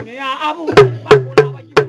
abu ne ya abu ba kuna ba yi ba.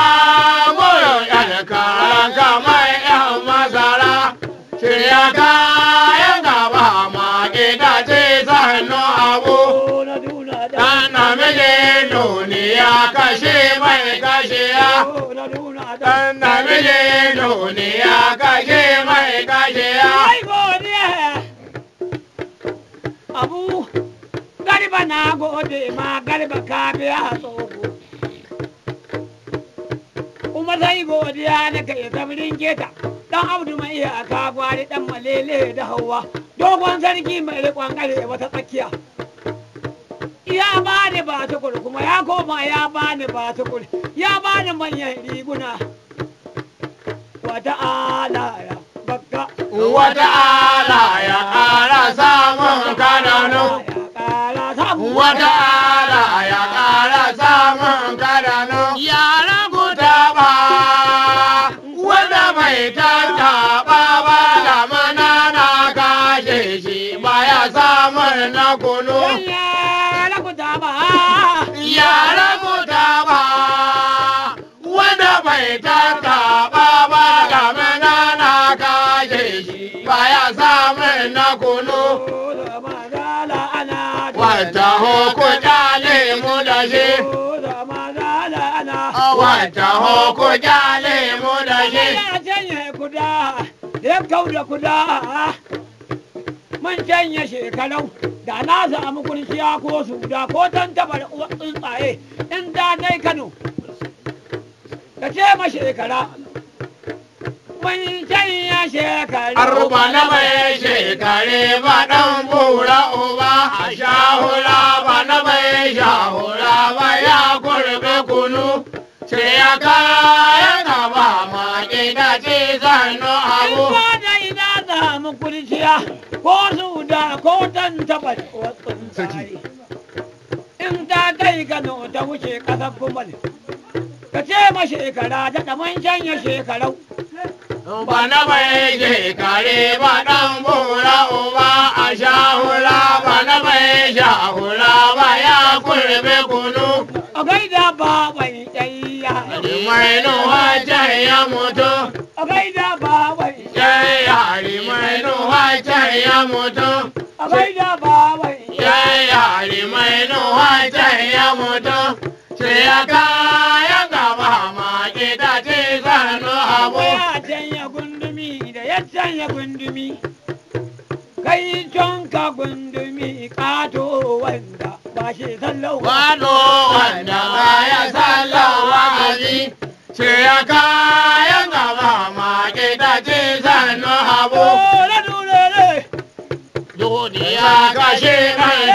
Sannan miji duniya kashe mai Abu garba na gode ma garba ka biya tsoho. Kuma zai godiya na kai zamanin keta. Dan Abdu mai iya aka gwari dan malele da hawa. Dogon sarki mai riƙon ƙare wata tsakiya. ya bani batukul kuma ya koma ya bani batukul ya bani manyan riguna wata alaya bakka wata ya ala samun kananu wata ya ala samun kananu yara guda ba wanda mai tattaba ba da manana kashe shi ba ya samun na kunu taho ku jale mu da shi. Ya janye kuda, ya kau kuda. Mun janye shekarau, da na samu kurciya ko su da ko tan tabar tsuntsaye in da nai Kano. Ka ce ma shekara. Mun janye shekaru. Arba na mai shekare ba ɗan bura uba a shahura ba na mai shahura ba ya kurbe kunu. ce ya kaya na ba ma gida ce zanu abu. Ina da ina za mu kurciya ko su ko tan taɓa wasu In ta kai gano ta wuce ƙasar kumal. Ka ce ma shekara da ɗaman shanya shekarau. Bana na mai shekare ba ɗan bura uba a shahula ba na mai shahula ba ya kurbe kunu. A gaida ba bai mai nuwa can ya mutu a bai da babai yayi hari mai nuwa can ya mutu a bai da babai yayi hari mai nuwa can ya mutu sai ya kayan gaba ma gida ce sanu abu ya janya gundumi da ya janya gundumi kai can ka gundumi kato wanda ba shi sallau wanda ba ya kayan gaba ma Duniya kashe mai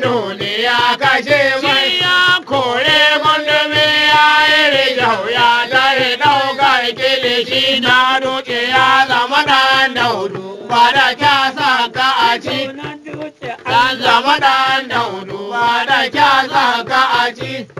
duniya kashe mai ya kore gundumi ya yi ya tare kilishi na duke ya zama dan Ba ta zama ba ta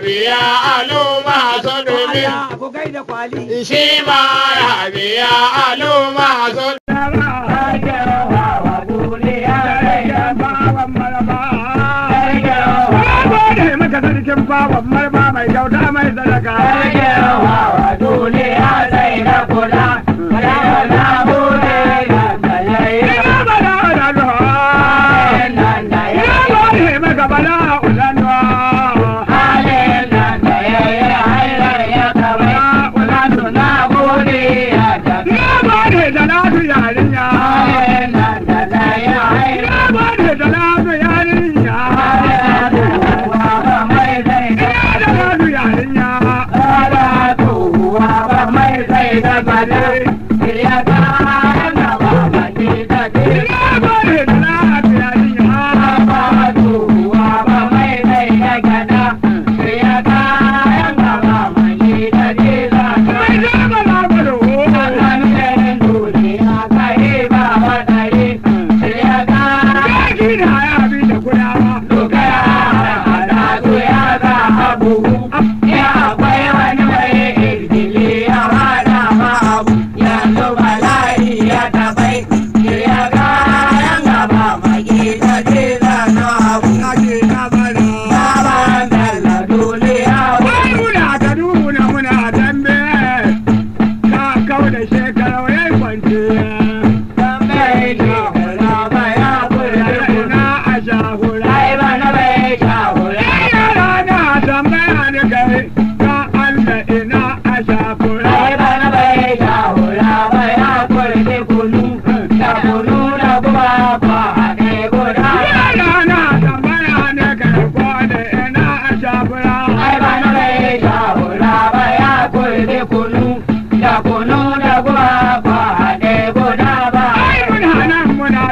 biya aluma su dumi shi ma ya biya aluma su I got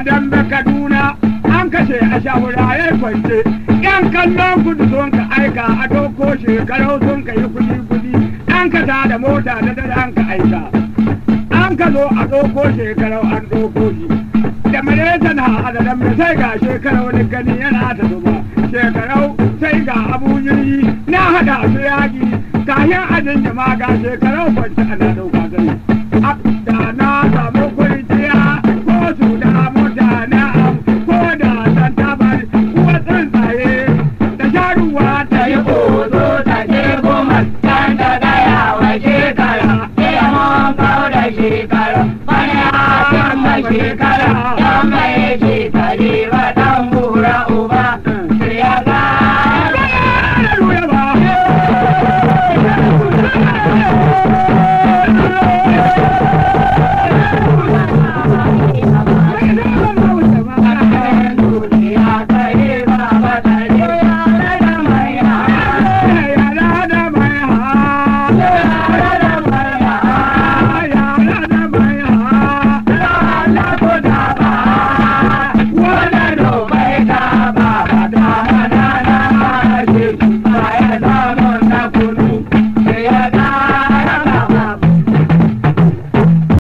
da kaduna an kashe a shahuraye kwance yan kallon kudu sun ka aika a doko shekarau sun ka yi kudi kudi an ka ta da mota da dada an ka aika an ka zo a doko shekarau an doko shi da majalisa na a da dambe sai ga shekarau ni gani yana ta zuba shekarau sai ga abun na hada su yaki kayan ajin jama'a ga shekarau kwanci ana doko